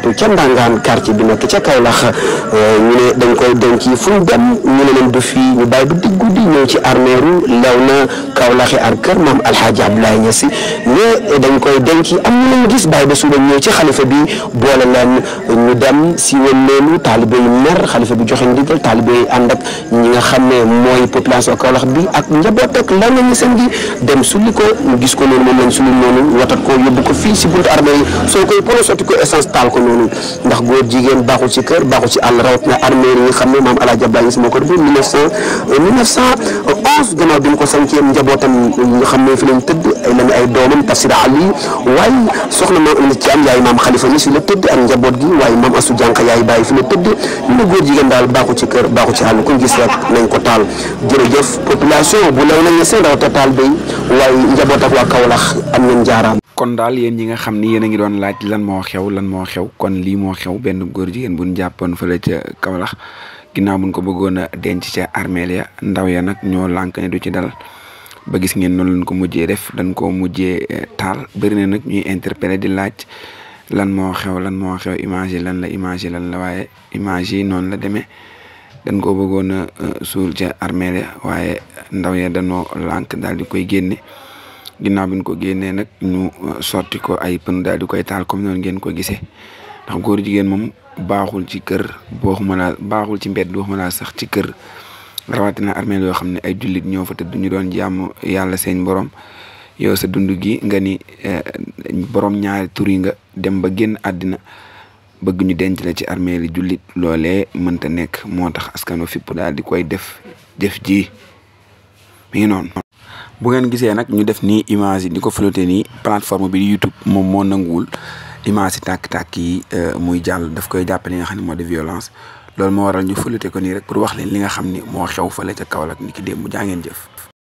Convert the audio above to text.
faatu ca Ndangaan quartier bi nekk ca Kaolack euh, ñu ne dañ koy denc fu mu dem ñu ne leen du fii ñu bàyyi bu digg guddi ñëw ci armeeru lew na Kaolack ak kër maam Alxaaji Abdoulaye si ne dañ koy denc am ñu leen gis bàyyi ba suba ñëw ci xalifa bi boole leen ñu dem siiwal leenu taalibe yu mer xalifa bi joxe ndigal taalibe yi ànd ak ñi nga xam ne mooy population Kaolack bi ak njaboot ak lew na ñu seen gi dem sulli ko ñu gis ko noonu moom lañ sulli noonu watat ko yóbbu ko fii si buntu armée soo koy pono sotti ko essence taal ko noonu ndax góor jigéen baaxu ci kër baaxu ci àll rawatina armée yi nga xam ne maam El Hadj Abdoulaye Niass moo ko defoon 1900 1911 bi mu ko sancee njabootam maam Amady Thiam yaay la tëdd ak njaboot gi waaye maam Assou Dianka yaay bàyyi fi la tëdd ñu ne góor jigéen daal baaxu ci kër baaxu ci àll ku gis rek nañ ko taal jërëjëf population bu law nañ seen rawatina taal bay waaye njaboot ak waa Kaolack am nañ jaaraam kon daal yéen ñi nga xam ni yéen a ngi doon laaj lan moo xew lan moo xew kon lii moo xew benn góor jigéen bu ñu jàppoon fële ca Kaolack ginnaaw buñ ko bëggoon a denc ca armeel ya ndaw ya nag ñoo lànk ne du ci dal ba gis ngeen noonu lañ ko mujjee def dañ ko mujjee eh, taal bëri na nag ñuy interpellé di laaj lan moo xew lan moo xew image lan la image yi lan la waaye image yi noonu la demee dañ ko bëggoon a eh, suul ca armeel ya waaye ndaw ya dañoo lank daal di koy génne ginnaaw bi ñu ko génnee nag ñu euh, sorti ko ay pën daal di koy taal comme noonu ngeen ko gisee ndax góor jigéen moom baaxul ci kër boo xuma laa baaxul ci mbedd boo xuma laa sax ci kër rawatina armeel yoo xam ne ay jullit ñoo fa tëdd ñu doon jàmm yàlla seen borom yow sa dund gi nga ni euh, borom ñaari tur yi nga dem ba génn àddina bëgg ñu denc la ci armeeli jullit loole mënta nekk moo tax askano fipp daal di koy def jëf ji mi ngi noonu bu ngeen gisee nag ñu def nii image yi ni ko flotté nii plateforme bi di YouTube moom moo nanguwul image yi tàkk-tàkk yi euh, muy jàll daf koy jàppale ni nga xam ne moo de violence loolu moo waral ñu flotté ko nii rek pour wax leen li nga xam ni moo xew fale ca Kaolack ni ki démb jaa ngeen jëf